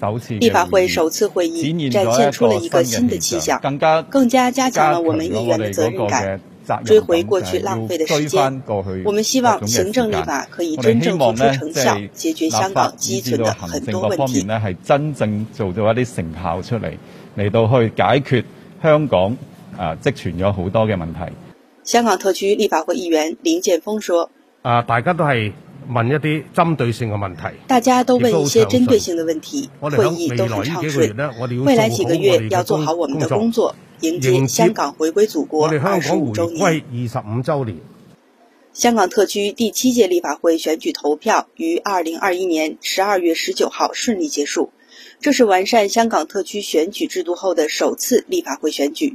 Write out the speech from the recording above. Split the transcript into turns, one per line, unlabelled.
首次立法會首次會議展現出了一個新的氣象，更加加強了我們議員的責任感，追回過去浪費的時間。時間我們希望行政立法可以真正做出成效，成效解決香港積、啊、存的很多的問題。香港特區立法會議員林建峰說：啊，大家都是問一啲針對性嘅問題。大家都問一些針對性嘅問題，會議都很暢順。未來幾個月，要做好我們的工作，迎接香港回歸祖國二十五周年。香港回歸二十五周年，香港特區第七屆立法會選舉投票於二零二一年十二月十九號順利結束。這是完善香港特區選舉制度後的首次立法會選舉。